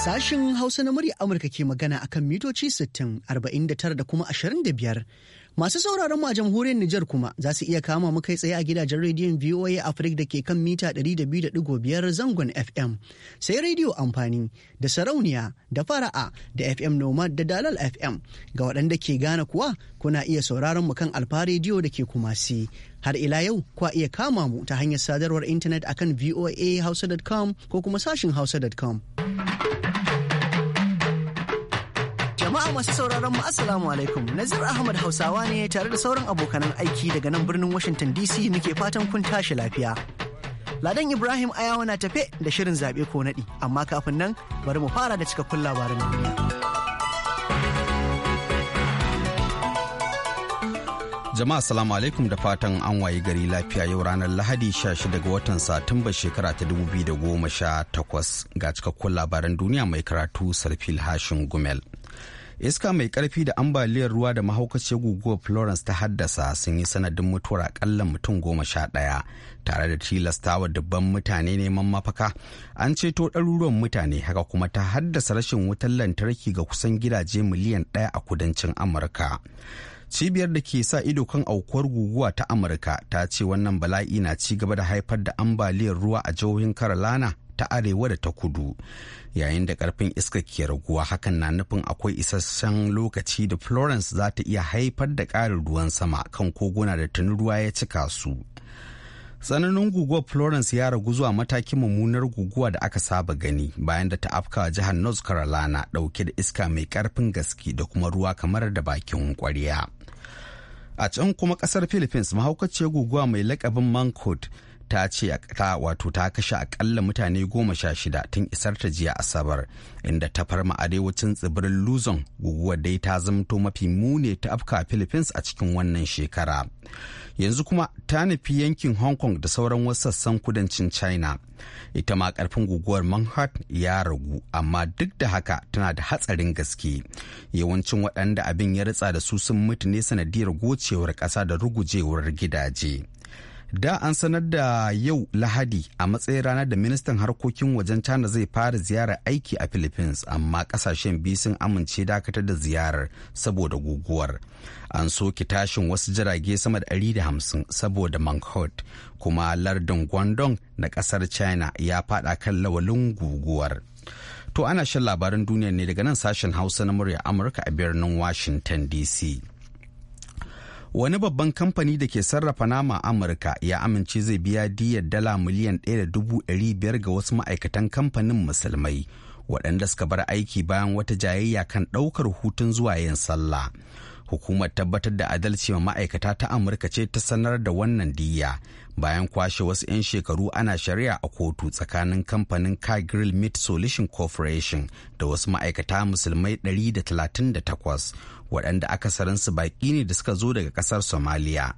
Sashen Hausa na murya Amurka ke magana akan mitoci sittin, arba'in da kuma 25. Masu sauraron mu a jamhuriyar Nijar kuma za su iya kama mu kai tsaye a gidajen rediyon VOA Africa da ke kan mita 200.5 zangon FM. Sai rediyo amfani da sarauniya da fara'a da FM Nomad da Dalal FM. Ga waɗanda ke gane kuwa kuna iya sauraron mu kan alfa rediyo da ke Kumasi. Har ila yau kuwa iya kama mu ta hanyar sadarwar intanet akan voahausa.com ko kuma sashin hausa.com. masu sauraron mu assalamu alaikum nazir ahmad hausawa ne tare da sauran abokanan aiki daga nan birnin washington dc muke fatan kun tashi lafiya ladan ibrahim ayawa na tafe da shirin zaɓe ko naɗi amma kafin nan bari mu fara da cikakkun labaran duniya jama'a salamu alaikum da fatan an wayi gari lafiya yau ranar lahadi 16 ga watan satumba shekara ta 2018 ga cikakkun labaran duniya mai karatu sarfil hashin gumel iska mai karfi da ambaliyar ruwa da mahaukaciyar guguwar florence ta haddasa sun yi sanadin mutuwar akalla mutum goma sha ɗaya tare da tilastawa dubban mutane neman mafaka an ceto ɗaruruwan mutane haka kuma ta haddasa rashin wutar lantarki ga kusan gidaje miliyan ɗaya a kudancin amurka cibiyar da ke sa ido kan aukuwar guguwa ta amurka ta ce wannan bala'i na ci gaba da haifar da ambaliyar ruwa a jihohin carolina ta arewa da ta kudu yayin da karfin iska ke raguwa hakan na nufin akwai isasshen lokaci da florence za ta iya haifar da ƙarin ruwan sama kan koguna da tuni ruwa ya cika su tsananin guguwar florence ya ragu zuwa matakin mummunar guguwa da aka saba gani bayan da ta afkawa jihar north carolina dauke da iska mai karfin gaske da kuma ruwa kamar da bakin kwarya a can kuma kasar philippines mahaukaciyar guguwa mai lakabin mancode ta ce ta wato ta kashe akalla mutane goma sha shida tun isar ta jiya asabar inda ta farma arewacin tsibirin luzon guguwar dai ta zamto mafi muni ta afka philippines a cikin wannan shekara yanzu kuma ta nufi yankin hong kong da sauran wasu sassan kudancin china ita ma karfin guguwar manhat ya ragu amma duk da haka tana da hatsarin gaske yawancin waɗanda abin ya ritsa da su sun mutu ne sanadiyar gocewar ƙasa da rugujewar gidaje da an sanar da yau lahadi a matsayin ranar da ministan harkokin wajen china zai fara ziyarar aiki a philippines amma kasashen biyu sun amince dakatar da ziyarar saboda guguwar an soke tashin wasu jirage sama da 150 saboda manhot kuma lardin guangdong na kasar china ya fada kan lawalin guguwar to ana shan labaran duniya ne daga nan sashen hausa na murya amurka a birnin washington dc wani babban kamfani da ke sarrafa nama amurka ya amince zai biya diyar dala miliyan biyar ga wasu ma'aikatan kamfanin musulmai waɗanda suka bar aiki bayan wata jayayya kan ɗaukar hutun zuwa yin sallah hukumar tabbatar da adalci ma ma'aikata ta amurka ce ta sanar da wannan diya bayan kwashe wasu 'yan shekaru ana shari'a a kotu tsakanin kamfanin car grill meat solution corporation da wasu ma'aikata musulmai 138 waɗanda akasarinsu baƙi ne da suka zo daga ƙasar somaliya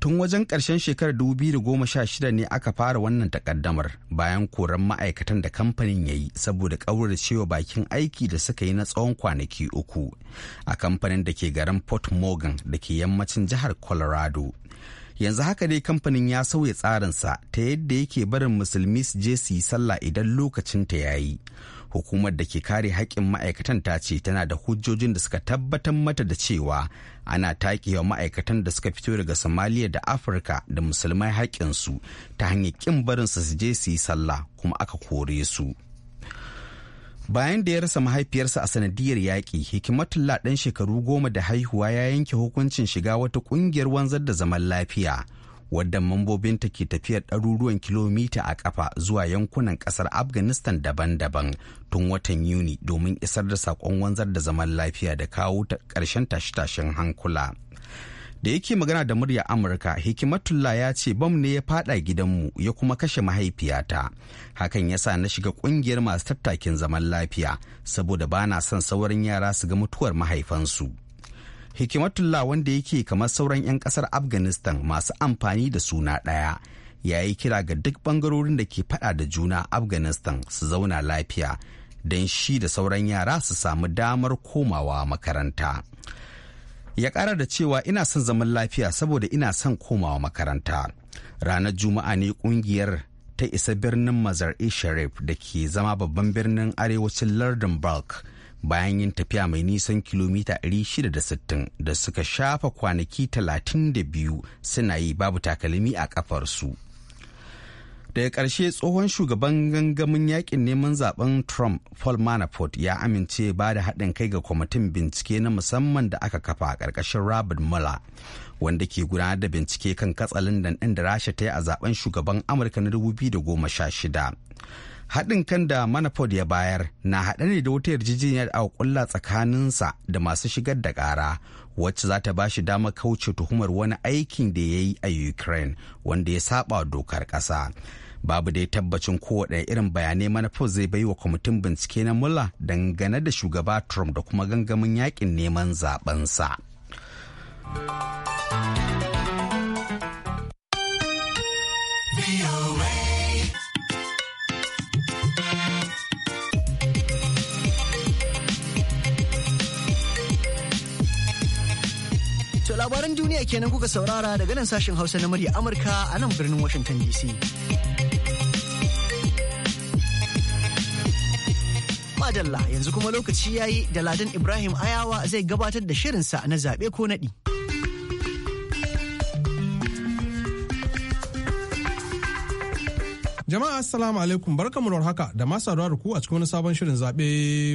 tun wajen ƙarshen shekarar 2016 ne aka fara wannan takaddamar bayan koran ma'aikatan da kamfanin ya yi saboda ƙaurar cewa bakin aiki da suka yi na tsawon kwanaki uku a kamfanin da ke garin port morgan da ke yammacin jihar colorado yanzu haka dai kamfanin ya sauya tsarinsa ta yadda yake barin musulmi su je su yi sallah idan lokacin ta yayi hukumar da ke kare haƙƙin ma'aikatan ta ce tana da hujjojin da suka tabbatar mata da cewa ana taƙewa ma'aikatan da suka fito daga somaliya da afirka da musulmai haƙƙinsu ta hanyar ƙin barinsa su je su yi sallah kuma aka kore su. bayan da ya rasa mahaifiyarsa a sanadiyar yaƙi hikimatullah ɗan shekaru goma da haihuwa ya yanke hukuncin shiga wata ƙungiyar wanzar da zaman lafiya wadda mambobinta ke tafiyar ɗaruruwan kilomita a ƙafa zuwa yankunan ƙasar afghanistan daban-daban tun watan yuni domin isar da saƙon wanzar da zaman lafiya da kawo ƙarshen tashe-tashen hankula da yake magana da murya amurka hikimatullah ya ce bam ne ya fada gidanmu ya kuma kashe mahaifiyata hakan ya sa na shiga kungiyar masu tattakin zaman lafiya saboda ba na son sauran yara su ga mutuwar mahaifansu hikimatullah wanda yake kamar sauran 'yan kasar afghanistan masu amfani da suna ɗaya ya yi kira ga duk bangarorin da ke fada da juna afghanistan su zauna lafiya don shi da sauran yara su samu damar komawa makaranta. ya ƙara da cewa ina son zaman lafiya saboda ina son komawa makaranta ranar juma'a ne kungiyar ta isa birnin mazar sharif da ke zama babban birnin arewacin lardin balk bayan yin tafiya mai nisan kilomita 660 da suka shafa kwanaki 32 suna yi babu takalmi a kafarsu. daga ƙarshe tsohon shugaban gangamin yakin neman zaben trump paul manafort ya amince ba da haɗin kai ga kwamitin bincike na musamman da aka kafa a ƙarƙashin robert mueller wanda ke gudanar da bincike kan katsalin ɗin da rasha ta yi a zaben shugaban amurka na 2016 haɗin kan da manafort ya bayar na haɗe ne da wata yarjejeniyar a kulla tsakaninsa da masu shigar da ƙara wacce za ta bashi dama kauce tuhumar wani aikin da ya yi a ukraine wanda ya saba dokar ƙasa babu dai tabbacin ko kowaɗanne irin bayanai manafo zai bai wa kwamitin bincike na mula dangane da shugaba trump da kuma gangamin yakin neman sa. labaran duniya kenan kuka saurara daga nan sashen Hausa na murya Amurka a nan birnin Washington DC. Madalla yanzu kuma lokaci ya yi da Ladan Ibrahim Ayawa zai gabatar da shirinsa na zaɓe ko naɗi. Jama'a assalamu alaikum barkamu da haka da masu saduwa da ku a cikin wani sabon shirin zaɓe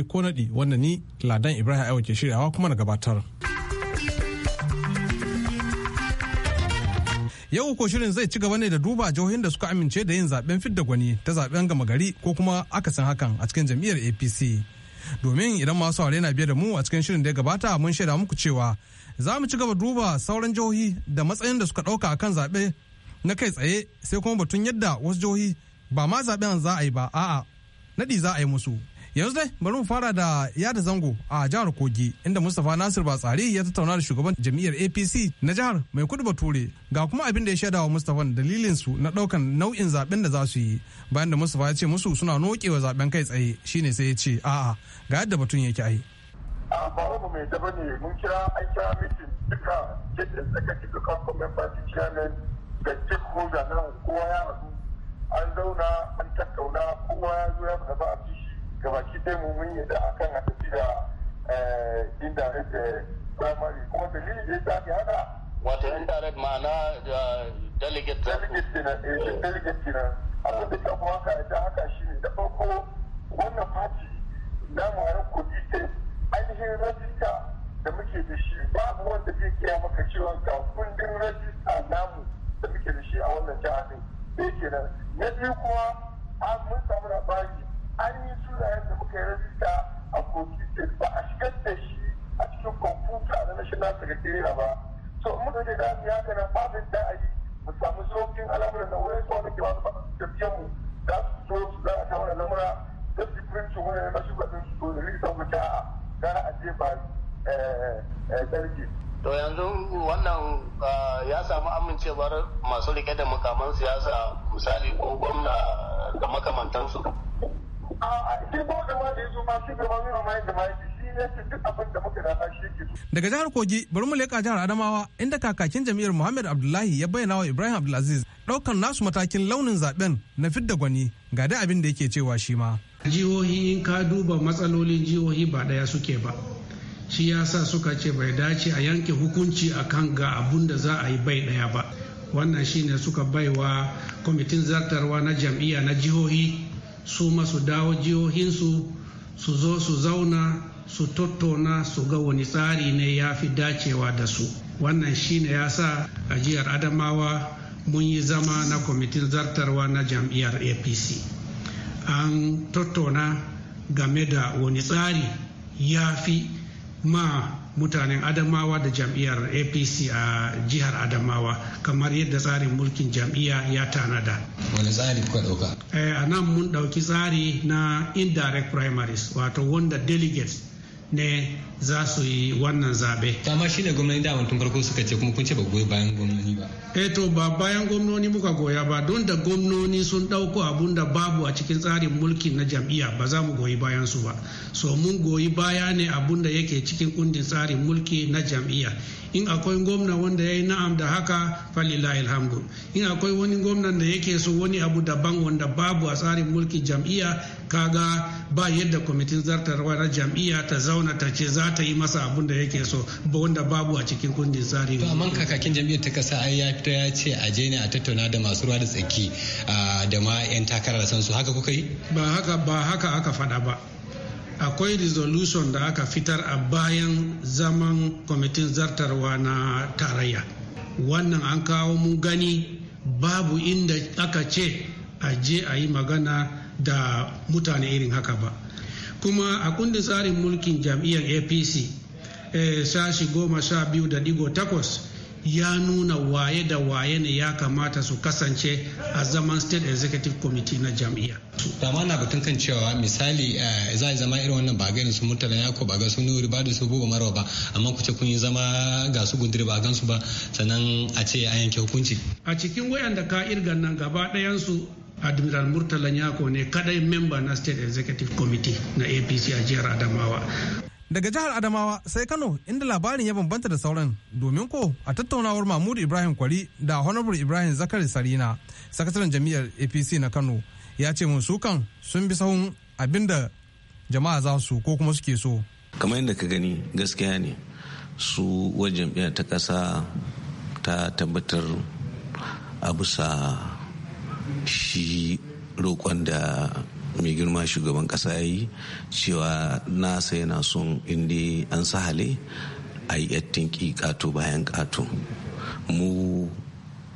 ko naɗi wanda ni Ladan Ibrahim Ayawa ke shiryawa kuma na gabatar. Yau ko shirin zai ci gaba ne da duba jihohin da suka amince da yin zaben fidda gwani ta zaben gama gari ko kuma akasin hakan a cikin jam'iyyar APC. Domin idan masu aure na biye da mu a cikin shirin da ya gabata mun shaida muku cewa za mu ci gaba duba sauran jihohi da matsayin da suka ɗauka akan zaɓe na kai tsaye sai kuma batun yadda wasu jihohi ba ma zaɓen za a yi ba a'a naɗi za a yi musu yanzu dai bari mu fara da yada zango a jihar kogi inda mustapha nasir batsari ya tattauna da shugaban jami'ar apc na jihar mai kudu bature ga kuma abin da ya shaida wa mustapha dalilin su na daukan nau'in zaben da za su yi bayan da mustapha ya ce musu suna nokewa zaben kai tsaye shine sai ya ce a'a ga yadda batun yake ai a ba mu mai daba ne mun kira an kira mitin duka tsaka cikin member chairman da na kowa ya rasu an zauna an ta ce mu mun yi da akan a tafi da eh, indirect primary kuma dalilin da ya sa haka wato indirect ma'ana eh, delegate delegate eh, delegate abin da shafi haka ya haka shi ne da farko wannan fati na mara kudi sai ainihin rajista da muke da shi babu wanda zai kiya maka cewa ga kundin rajista namu da muke da shi a wannan jihar ne sai kenan na biyu kuma an mun samu labari an yi sunayen ya rajista a kogi state ba a shigar da shi a cikin kwamfuta na national secretariat ba so in muka ce za mu yi haka babin da a yi mu samu sauƙin al'amuran da wani tsawon da ke masu tafiyan mu za su zo su za a kawo da lamura da su firinci wani na shugaban su to da rikita mu ta gara a jefa eh, eh, sarki. to yanzu wannan ah, ya samu amincewar masu rike da makaman siyasa misali ko gwamna da makamantansu. Daga jihar Kogi bari mu leƙa jihar Adamawa inda kakakin jam'iyyar Muhammad Abdullahi ya bayyana wa Ibrahim Abdulaziz ɗaukar nasu matakin launin zaben na fidda gwani ga da abin da yake cewa shi ma. Jihohi in ka duba matsalolin jihohi ba ɗaya suke ba. Shi ya sa suka ce bai dace a yanke hukunci akan ga abun da za a yi bai ɗaya ba. Wannan shine suka baiwa kwamitin zartarwa na jam'iyya na jihohi su masu dawo jihohinsu su zo su zauna su tattauna su ga wani tsari ne ya fi dacewa da su wannan shine ya sa ajiyar adamawa mun yi zama na kwamitin zartarwa na jam'iyyar apc an tattauna game da wani tsari ya fi ma mutanen adamawa da jam'iyyar apc a jihar adamawa kamar yadda tsarin mulkin jam'iyya ya tanada wani tsari kuka dauka eh, a nan mun dauki tsari na indirect primaries wato wanda delegates ne za su yi wannan zabe. Dama shi ne gwamnati da tun farko suka ce kuma kun ce ba goyi bayan gwamnoni ba. Eh to ba bayan gwamnoni muka goya ba don da gwamnoni sun ɗauko abun da babu a cikin tsarin mulkin na jam'iyya ba za mu goyi bayan su ba. So mun goyi baya ne abun da yake cikin kundin tsarin mulki na jam'iyya. In akwai gwamna wanda ya yi na'am da haka falila ilhamdu. In akwai wani gwamnan da yake so wani abu daban wanda babu a tsarin mulkin jam'iyya kaga ba yadda kwamitin zartarwa na jam'iyya ta zauna ta ce za ta yi masa abun da yake so ba wanda babu a cikin kundin tsari. To amma kakakin jami'ar ta kasa ya fita ya ce a je ne a tattauna da masu ruwa da tsaki da ma 'yan takarar sansu haka kuka yi? Ba haka ba haka aka faɗa ba. akwai resolution da aka fitar a bayan zaman kwamitin zartarwa na tarayya wannan an kawo mu gani babu inda aka ce a je a yi magana da mutane irin haka ba kuma a kundin tsarin mulkin jam'iyyar apc eh, sashi goma sha biyu da digo takwas ya nuna waye da waye ne ya kamata su kasance a zaman state executive committee na jam'iyya. dama na batun kan cewa misali eh, za a zama irin wannan ba ga su murtala ko ba ga su nuri ba da su buga marwa ba amma ku kun yi zama ga su gundiri ba gansu ba sannan a ce a yanke hukunci a cikin wayanda ka irgan nan gaba ɗayansu admiral murtala nyako ne kadai memba na state executive committee na apc a jihar adamawa daga jihar adamawa sai kano inda labarin ya bambanta da sauran domin ko a tattaunawar mahmud ibrahim kwari da honorable ibrahim zakari sarina sakataren jami'ar apc na kano ya ce mun sukan sun bi sahun da jama'a za su ko kuma suke so kamar yadda ka gani gaskiya ne su wajen ta ƙasa ta tabbatar a bisa shi roƙon da mai girma shugaban ƙasa ya yi cewa nasa yana son inda an sahale a yi yattin ƙato bayan ƙato mu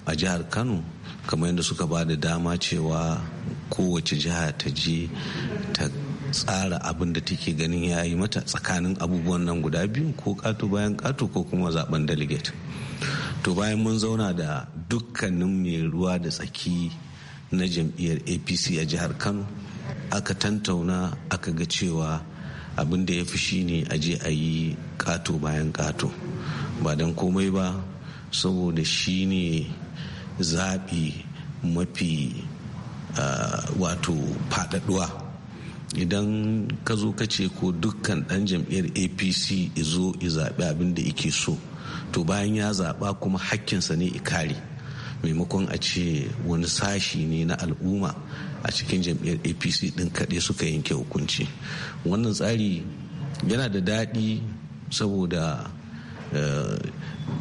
a jihar kano kamar yadda suka ba da dama cewa kowace jiha ta je ta tsara abin da take ganin ya yi mata tsakanin abubuwan nan guda biyu ko ƙato bayan ƙato ko kuma zaben delegate to bayan mun zauna da dukkanin mai ruwa da tsaki na jam'iyyar apc a jihar kano aka tantauna aka ga cewa abin da ya fi shine a je a yi kato bayan kato ba don komai ba saboda shi ne zaɓi mafi wato faɗaɗuwa idan ka zo ka ce ko dukkan ɗan jam'iyyar apc izo zaɓi abin da ike so to bayan ya zaɓa kuma hakkinsa ne ikari maimakon a ce wani sashi ne na al'umma a cikin jam'iyyar apc din kaɗai suka yanke hukunci wannan tsari yana da daɗi saboda eh,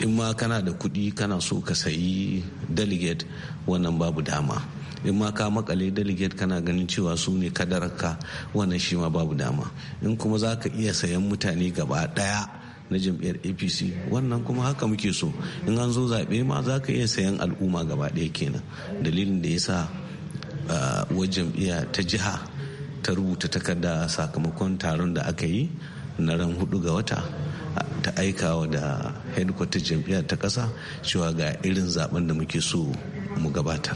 in ma kana da kuɗi kana so ka sayi delegate wannan babu dama in ma ka makale delegate kana ganin cewa su ne kadararka wannan shi ma babu dama in kuma za ka iya sayan mutane gaba ɗaya na jam'iyyar apc wannan kuma haka muke so in an zo zaɓe ma za ka iya sayan al'umma gaba ɗaya kenan dalilin da ya sa wajen jam'iyya ta jiha ta rubuta takarda sakamakon taron da aka yi na ran hudu ga wata ta aikawa da headquarter jam'iyyar ta ƙasa cewa ga irin zaben da muke so mu gabatar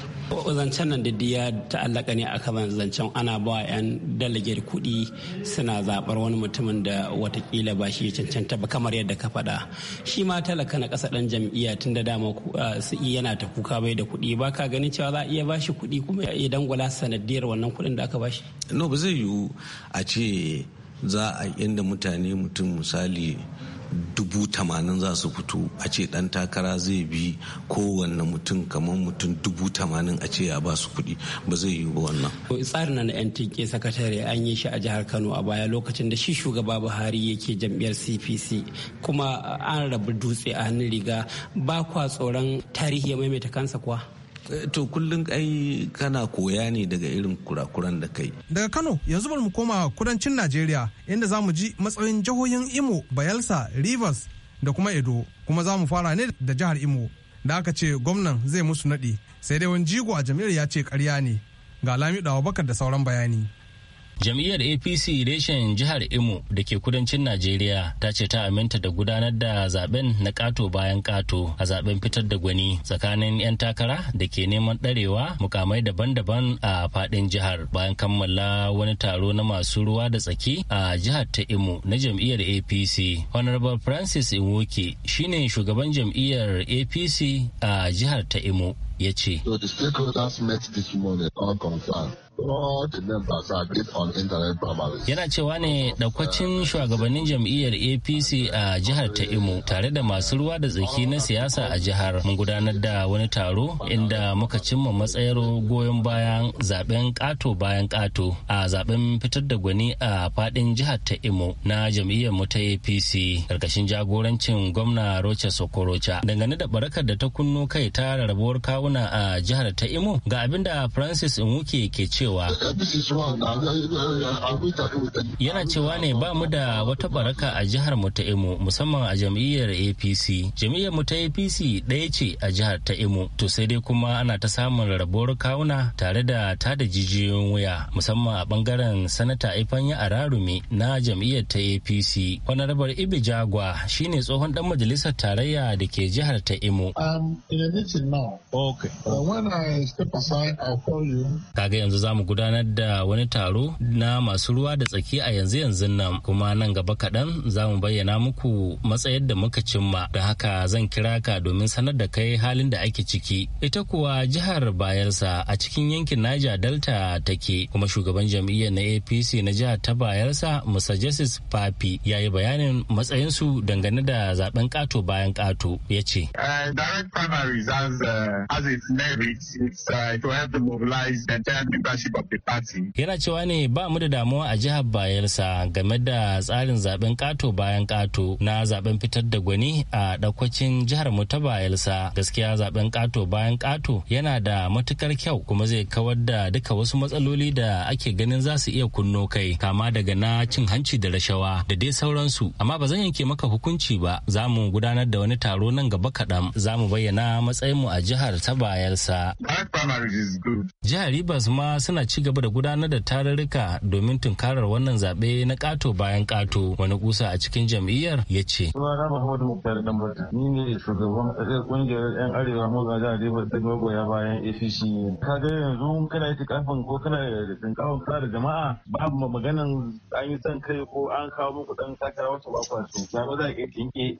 zancen nan diddi ya ta'allaka ne a kan zancen ana bawa 'yan dalage kuɗi suna zaɓar wani mutumin da watakila ba shi cancanta ba kamar yadda ka faɗa shi ma talaka na ƙasa ɗan jam'iyya tun da dama su iya yana ta kuka bai da kuɗi ba ka ganin cewa za a iya ba shi kuɗi kuma ya dangwala sanadiyar wannan kuɗin da aka ba shi. no ba zai yiwu a ce za a inda mutane mutum misali dubu tamanin za su fito a ce dan takara zai bi kowanne mutum kamar mutum dubu tamanin a ce ya ba su kuɗi ba zai yi ba wannan. tsarin na yan sakatare an yi shi a jihar kano a baya lokacin da shi shugaba buhari yake jam'iyyar cpc kuma an rabu dutse a hannun riga ba kwa tsoron tarihi ya maimaita kansa kuwa. to kullum ai kana koya ne daga irin kurakuran da kai daga kano yanzu bari mu koma kudancin najeriya inda zamu ji matsayin jihohin imo bayelsa rivers da kuma edo kuma zamu fara ne da jihar imo da aka ce gwamnan zai musu naɗi sai dai wani jigo a jam'iyyar ya ce karya ne ga lamido abubakar da sauran bayani jam'iyyar apc reshen jihar imo da ke kudancin najeriya ta ce ta aminta da gudanar da zaben na kato bayan kato a zaben fitar da gwani tsakanin 'yan takara da ke neman ɗarewa mukamai daban-daban a fadin jihar bayan kammala wani taro na masu ruwa da tsaki a jihar ta imo na jam'iyyar apc honorable francis inwoke shine shugaban jam'iyyar apc a jihar ta imo ya ce yana cewa ne ɗaukacin shugabannin jam'iyyar apc a jihar ta imo tare da masu ruwa da tsaki na siyasa a jihar mun gudanar da wani taro inda muka cimma matsayar goyon bayan zaben ƙato bayan kato a zaben fitar da gwani a fadin jihar ta imo na jam'iyyar mu ta apc karkashin jagorancin gwamna rocha sokorocha dangane da barakar da ta kunno kai ta rarrabuwar kawo kawuna a jihar ta Imo ga abin da Francis Nwuke ke cewa. Yana cewa ne ba mu da wata baraka a jihar mu ta Imo musamman a jam'iyyar APC. Jam'iyyar mu ta APC ɗaya ce a jihar ta Imo to sai dai kuma ana ta samun rabuwar kawuna tare da tada jijiyoyin wuya musamman a bangaren sanata Ifanya Ararumi na jam'iyyar ta APC. Honorable Ibi Jagwa shine tsohon dan majalisar tarayya da ke jihar ta Imo. Um, Kaga yanzu za mu gudanar da wani taro na masu ruwa da tsaki a yanzu yanzu nan kuma nan gaba kaɗan za mu bayyana muku matsayar da muka cimma da haka zan kira ka domin sanar da kai halin da ake ciki. Ita kuwa jihar Bayelsa a cikin yankin Niger Delta take kuma shugaban jam'iyyar na APC na jihar ta Bayelsa Musa Jesus Papi ya yi bayanin matsayinsu dangane da zaben kato bayan kato ya ce. Eh, has its merits it's, uh, to help mobilize the entire membership of the party. Yana cewa ne ba mu da damuwa a jihar Bayelsa game da tsarin zaben kato bayan kato na zaben fitar da gwani a dakwacin jihar mu ta Bayelsa. Gaskiya zaben kato bayan kato yana da matukar kyau kuma zai kawar da duka wasu matsaloli da ake ganin za su iya kunno kai kama daga na cin hanci da rashawa da dai sauransu amma ba zan yanke maka hukunci ba za mu gudanar da wani taro nan gaba kaɗan za mu bayyana matsayinmu a jihar ta ta jihar rivers ma suna ci gaba da gudanar da tararruka domin tunkarar wannan zaɓe na ƙato bayan ƙato wani kusa a cikin jam'iyyar ya ce ni ne shugaban kungiyar yan arewa maza da arewa da magoya bayan apc ka ga yanzu kana yi kafin ko kana da tsinkawar kula da jama'a babu maganan an yi san kai ko an kawo muku ɗan takara wasu bakwa ya ba za ka kinke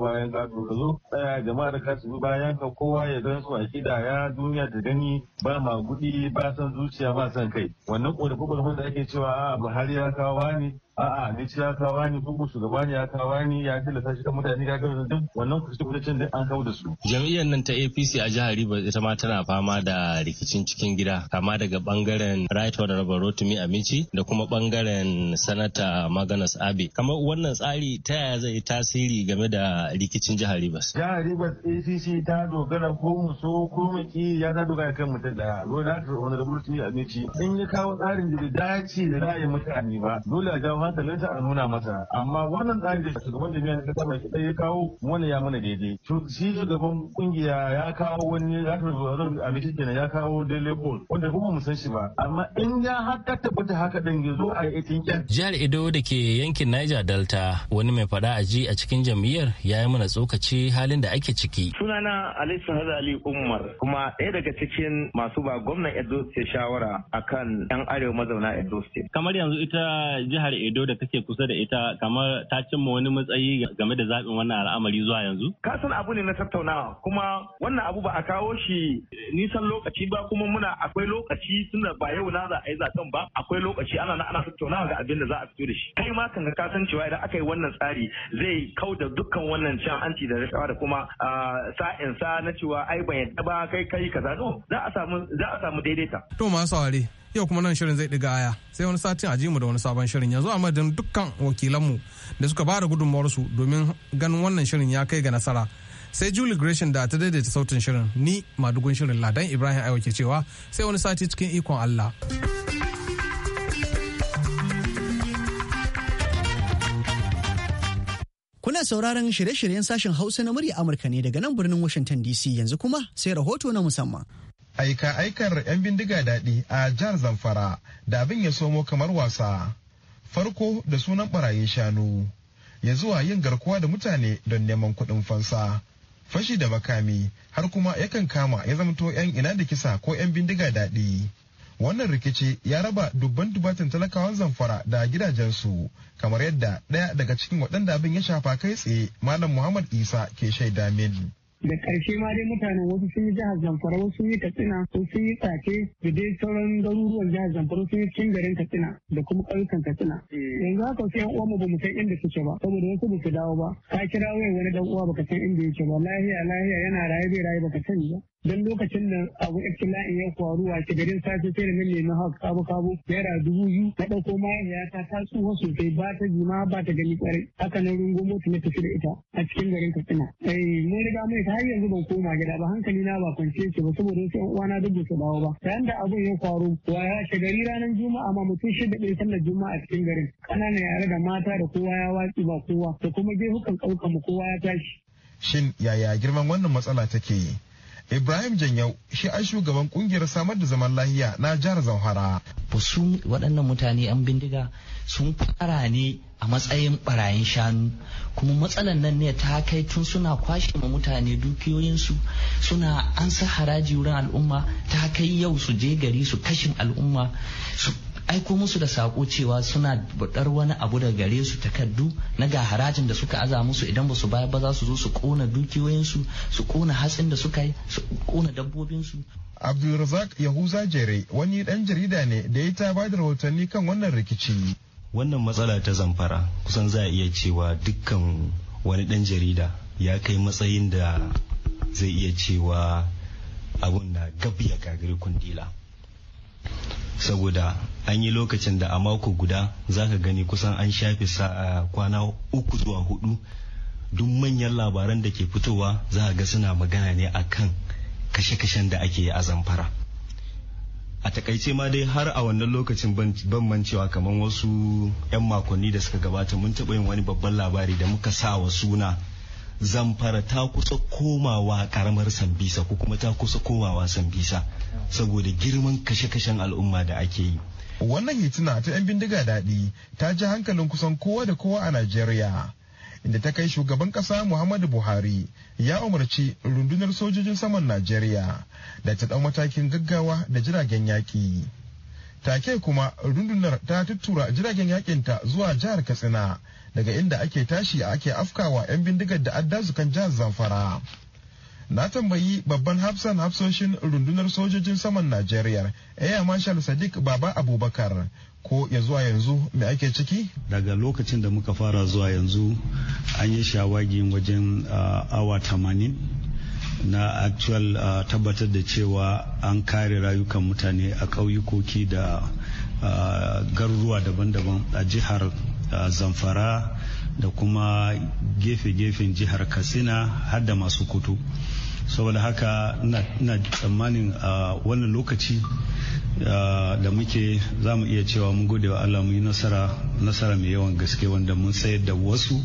bayan ƙato ka zo tsaya jama'a da kasu bayan ka kowa ya gan su a kidaya duniya da gani ba magudi ba san zuciya ba san kai wannan ƙorafe-ƙorafen da ake cewa a buhari ya kawo ne a'a ni ci ya kawo ni ko shugaba ne ya kawo ni ya tilasta shi kan mutane ga gaba da wannan kusa kucin da an kawo da su jam'iyyar nan ta APC a jihar Riba ita ma tana fama da rikicin cikin gida kama daga bangaren Right Honorable Rotimi Amici da kuma bangaren Sanata Maganas Abe kamar wannan tsari ta yaya zai tasiri game da rikicin jihar Rivers jihar Rivers APC ta dogara ko mu so ko mu ki ya ta dogara kan mutum daya Right Honorable Rotimi Amici in ya kawo tsarin da dace da ra'ayin mutane ba dole a jawo kamata ta a nuna masa amma wannan tsari da shugaban jami'a na kasa baki ɗaya ya kawo wani ya mana daidai shi shugaban kungiya ya kawo wani ya zafin zuwa a mishi kenan ya kawo daily poll wanda kuma mu san shi ba amma in ya haka tabbata haka din ya zo a yi tinken. jihar ido da ke yankin niger delta wani mai faɗa a ji a cikin jam'iyyar ya yi mana tsokaci halin da ake ciki. sunana alisu hazali umar kuma ɗaya daga cikin masu ba gwamnan edo state shawara akan yan arewa mazauna edo state. kamar yanzu ita jihar edo Edo da kake kusa da ita kamar ta cimma wani matsayi game da zaɓin wannan al'amari zuwa yanzu? Kasan abu ne na tattaunawa kuma wannan abu ba a kawo shi nisan lokaci ba kuma muna akwai lokaci da ba yau na za a yi zaɓen ba akwai lokaci ana na ana tattaunawa ga abin da za a fito da shi. Kai ma kan ka san cewa idan aka yi wannan tsari zai kau da dukkan wannan can anci da rashawa da kuma sa'in sa na cewa ai ban yadda ba kai kai kaza no za a samu za a samu daidaita. To masu yau kuma nan shirin zai ɗiga aya sai wani satin a mu da wani sabon shirin yanzu a madadin dukkan wakilanmu da suka ba bada gudunmawarsu domin ganin wannan shirin ya kai ga nasara sai julie gresham da ta daidaita sautin shirin ni madugun shirin ladan ibrahim aiwa ke cewa sai wani sati cikin ikon allah Kuna sauraron shirye-shiryen sashen Hausa na murya Amurka ne daga nan birnin Washington DC yanzu kuma sai rahoto na musamman. aika aikar 'yan bindiga daɗi a jihar zamfara da abin ya somo kamar wasa farko da sunan barayin shanu ya zuwa yin garkuwa da mutane don neman kuɗin fansa fashi da makami har kuma yakan kama ya zamto 'yan ina da kisa ko 'yan bindiga daɗi wannan rikici ya raba dubban dubatin talakawan zamfara da gidajensu kamar yadda ɗaya daga cikin waɗanda abin ya shafa kai tsaye malam muhammad isa ke shaida min da karshe ma dai mutanen wasu sun yi jihar zamfara wasu sun yi katsina ko sun yi tsace da dai sauran garuruwan jihar zamfara sun yi cikin garin katsina da kuma ƙauyukan katsina eh. yanzu haka sai yan uwanmu ba mu san inda suke ba saboda wasu ba su dawo ba ka kira wani dan uwa baka san inda yake ba lahiya lahiya yana raye bai raye baka sani ba don lokacin da abu iftila'in ya faru a garin safe sai da na nemi haka kabu kabu naira dubu biyu na ɗauko mahaifiya ta ta tsuwa sosai ba ta jima ba ta gani kwarai haka na rungo mota na tafi da ita a cikin garin katsina eh mun riga mai ta har yanzu ban koma gida ba hankali na ba kwance ce ba saboda wasu yan uwana duk ba su dawo ba yayin da abun ya faru wa ya gari ranar juma'a ma mutum shi da ɗaya sallar juma'a a cikin garin ƙananan yare da mata da kowa ya watsi ba kowa da kuma gefukan ƙaukan mu kowa ya tashi shin yaya girman wannan matsala take yi Ibrahim Janyau shi an shugaban kungiyar samar da zaman lahiya na jihar Zamfara. Su waɗannan mutane an bindiga sun fara ne a matsayin ɓarayin shanu kuma matsalan nan ne ta kai tun suna kwashe ma mutane dukiyoyinsu suna an sa haraji wurin al'umma ta kai yau su je gari su kashin al'umma su aiko musu da sako cewa suna buɗar wani abu da gare su takardu na ga harajin da suka aza musu idan ba su baya ba za su zo su kona dukiyoyinsu su kona hatsin da suka yi su kona dabbobinsu Abdulrazak Yahuza Jere wani dan jarida ne da ya ta ba da rahotanni kan wannan rikici. Wannan matsala ta zamfara kusan za a iya cewa dukkan wani ɗan jarida ya kai matsayin da zai iya cewa abun na gab ya gagari kundila. saboda an yi lokacin da a mako guda za ka gani kusan an shafe kwana uku zuwa hudu duk manyan labaran da ke fitowa za a ga suna magana ne a kan kashe-kashen da ake yi a zamfara a takaice ma dai har a wannan lokacin ban mancewa kamar wasu 'yan makonni da suka gabata mun taɓa yin wani babban labari da muka sa wa suna zamfara ta kusa komawa karamar sambisa ko kuma ta kusa komawa sambisa saboda girman kashe-kashen al'umma da ake yi wannan hituna ta 'yan bindiga daɗi ta ji hankalin kusan kowa da kowa a najeriya inda ta kai shugaban ƙasa muhammadu buhari ya umarci rundunar sojojin saman najeriya da ta ɗau matakin gaggawa da jiragen yaƙi take kuma rundunar ta tuttura jiragen yakinta zuwa jihar katsina daga inda ake tashi a ake afkawa 'yan bindigar da kan jihar zamfara na tambayi babban hafsan hafsoshin rundunar sojojin saman najeriya air marshal sadiq baba abubakar ko ya zuwa yanzu me ake ciki daga lokacin da muka fara zuwa yanzu an yi shawagi wajen ah, awa tamanin na actual uh, tabbatar da cewa an kare rayukan mutane a ƙauyukoki da uh, garuruwa daban-daban a jihar zamfara da kuma gefe-gefen jihar katsina har da masu kutu saboda haka na tsammanin a wannan lokaci da muke za mu iya cewa mun gode wa allah mu yi nasara mai yawan gaske wanda mun sayar da wasu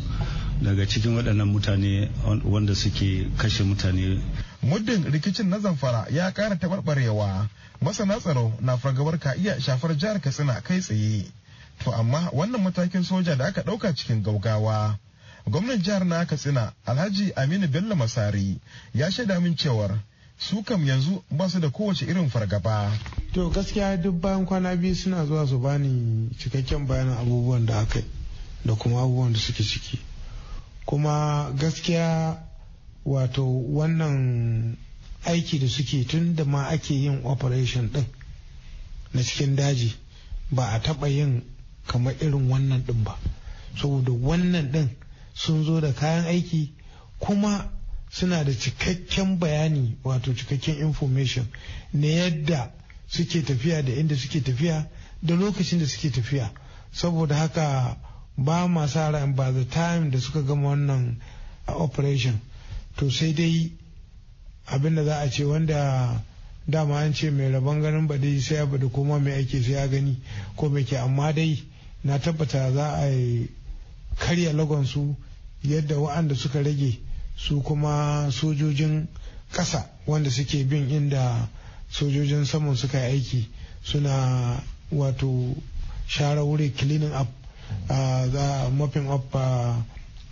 daga cikin waɗannan mutane wanda suke kashe mutane muddin rikicin na zamfara ya kara taɓarɓarewa masana tsaro na fargabar ka iya shafar jihar katsina kai tsaye To amma wannan matakin soja da aka ɗauka cikin gaugawa. Gwamnan jihar na Katsina Alhaji Aminu Bello Masari ya shaida min cewar su kam yanzu ba su da kowace irin fargaba. To gaskiya duk bayan kwana biyu suna zuwa su bani cikakken bayanin abubuwan da aka da kuma abubuwan da suke ciki. Kuma gaskiya wato wannan aiki da suke tun da ma ake yin operation din na cikin daji ba a taɓa yin kamar irin wannan din ba saboda wannan din sun zo da kayan aiki kuma suna da cikakken bayani wato cikakken information na yadda suke tafiya da inda suke tafiya da lokacin da suke tafiya saboda haka ba ma sa ran ba the time da suka gama wannan operation to sai dai abinda da za a ce wanda dama an ce mai rabon ganin ba dai sai ya bada koma mai aiki sai ya gani ko mai ke amma dai na tabbata za a yi karya lagonsu yadda wa'anda suka rage su kuma sojojin ƙasa wanda suke bin inda sojojin saman suka yi aiki suna wato share wuri cleaning up za mapping up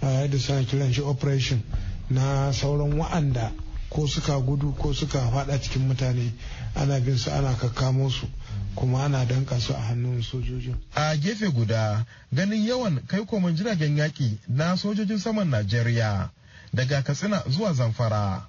yadda suna kiran shi operation na sauran wa'anda ko suka gudu ko suka fada cikin mutane ana bin su ana kakkamo su kuma ana danka su a hannun sojojin. A gefe guda ganin yawan kai koman jiragen yaƙi na sojojin saman Najeriya daga Katsina zuwa Zamfara.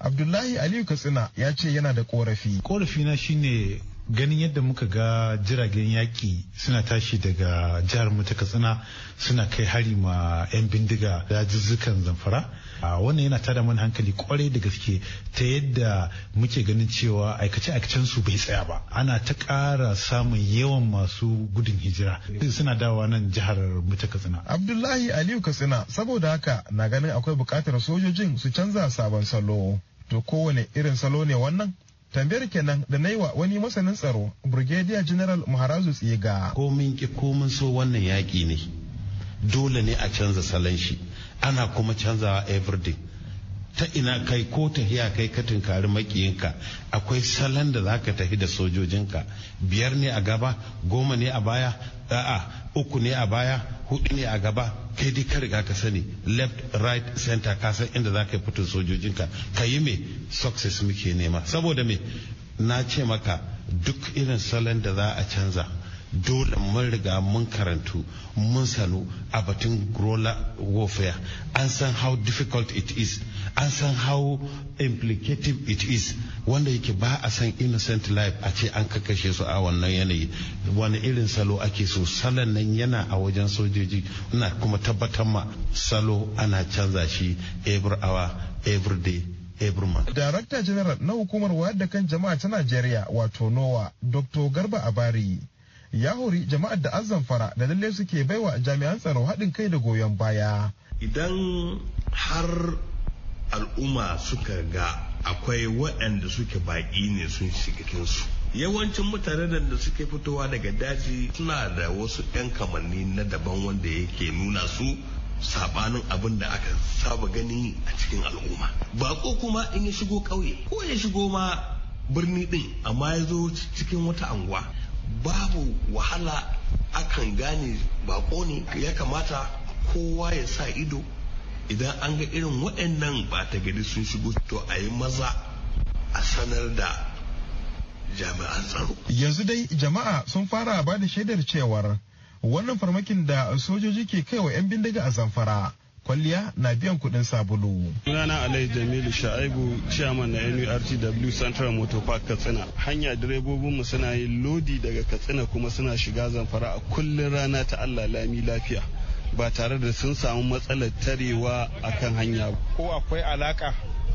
Abdullahi Aliyu Katsina ya ce yana da korafi. Korafi na shine ganin yadda muka ga jiragen yaƙi suna tashi daga jihar mu ta katsina suna kai hari ma 'yan bindiga dajizzukan zamfara ah, wannan yana tada mana hankali kwarai da gaske ta yadda muke ganin cewa aikace aikacen su bai tsaya ba ana ta ƙara samun yawan masu gudun hijira suna dawa nan jihar mu ta katsina abdullahi aliyu katsina saboda haka na ganin akwai bukatar sojojin su canza sabon salo to kowane irin salo ne wannan tambayar kenan da na yi wa wani masanin tsaro brigadier general maharazu tsiga komin ki komin so wannan yaƙi ne dole ne a canza salon shi ana kuma canzawa everyday ta ina kai ko tahiya kai ka tunkari makiyinka akwai salon da za ka tafi da sojojinka biyar ne a gaba goma ne a baya a'a uku ne a baya hudu ne a gaba kai dai ka riga ka sani left right center ka san inda za yi fitin sojojinka ka yi me success muke nema saboda me na ce maka duk irin salon da za a canza dole mun riga mun karantu mun sanu a batun rola warfare an san how difficult it is an san how implicative it is wanda yake ba a san innocent life a ce an kakashe su a wannan yanayi wani irin salo ake so salon nan yana a wajen sojoji na kuma tabbatar ma salo ana canza shi every hour every day Darakta General na hukumar wayar da kan jama'a ta Najeriya wato NOWA, Dr. Garba Abari, ya hori jama'ar da azamfara da lalle suke baiwa jami'an tsaro haɗin kai da goyon baya. Idan har al'umma suka ga akwai waɗanda suke baƙi ne sun shiga su. Yawancin mutane da suke fitowa daga daji suna da wasu 'yan kamanni na daban wanda yake nuna su sabanin abin da aka saba gani a cikin al'umma. Bako kuma in ya shigo ƙauye ko ya shigo ma birni din amma ya zo cikin wata anguwa babu wahala akan gane bako ne ya kamata kowa ya sa ido idan an ga irin waɗannan ɓata gari sun shigo to a yi maza a sanar da jami'an tsaro. Yanzu dai jama'a sun fara ba da shaidar cewar wannan farmakin da sojoji ke kaiwa 'yan bindiga a zamfara kwalliya na biyan kuɗin sabulu. Sunana Alai Jamilu Sha'aibu Chairman na NURTW Central Motor Park Katsina. Hanya direbobin mu suna yin lodi daga Katsina kuma suna shiga zamfara a kullun rana ta Allah lami lafiya. ba tare da sun samu matsalar tarewa a kan hanya ko akwai alaka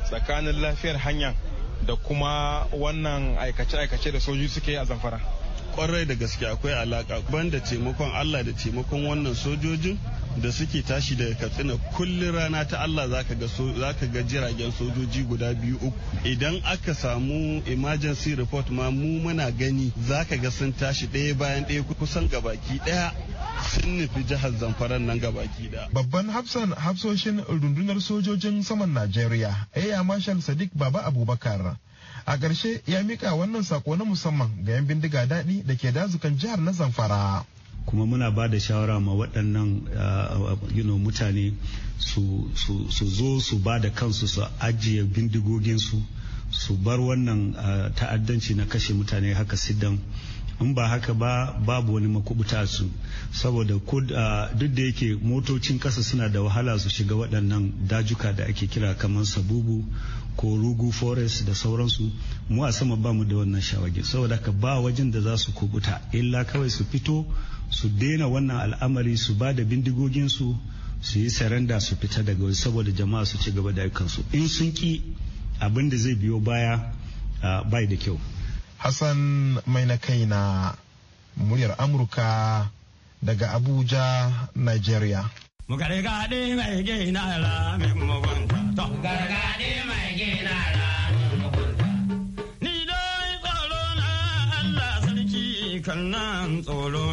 tsakanin lafiyar hanya da kuma wannan aikace-aikace da sojoji suke a zamfara kwarai da gaske akwai alaka banda taimakon allah da taimakon wannan sojojin da suke tashi daga katsina kullum rana ta allah zaka ga ga jiragen sojoji guda biyu uku idan aka samu emergency report ma mu muna gani zaka ga sun tashi ɗaya bayan ɗaya kusan gabaki ɗaya sun nufi jihar zamfara nan gabaki da. Babban hafsan hafsoshin rundunar sojojin saman Najeriya, aya Marshal Sadiq Baba Abubakar. A ƙarshe ya mika wannan sako na musamman ga 'yan bindiga daɗi da ke dazukan jihar na Zamfara. kuma muna ba da shawara ma waɗannan uh, mutane su zo su ba da kansu su ajiye bindigoginsu su bar wannan uh, ta'addanci na kashe mutane haka sidan in ba haka ba babu wani makubuta su saboda uh, duk da yake motocin kasa suna da wahala su shiga waɗannan dajuka da ake kira kamar sabubu ko rugu forest da sauransu mu a sama ba mu da wannan shawagi saboda ka ba wajen da za su kubuta illa kawai su fito su daina wannan al'amari su ba da bindigoginsu su yi saranda su fita daga wasu saboda jama'a su ci gaba da aikansu in sun ki abin da zai biyo baya bai da kyau hassan mai na kai na muryar amurka daga abuja nigeria mai Ni tsoro na Allah sarki kan nan tsoro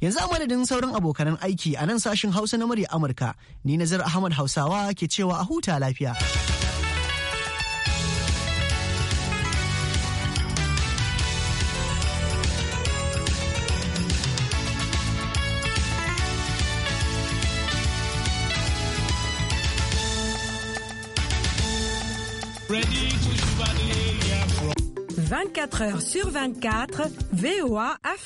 Yanzu a madadin sauran abokanan aiki a nan sashin Hausa na murya Amurka, ni Nazar Ahmad Hausawa ke cewa a huta lafiya. Ready to 24 heures sur 24, VOA Afrique.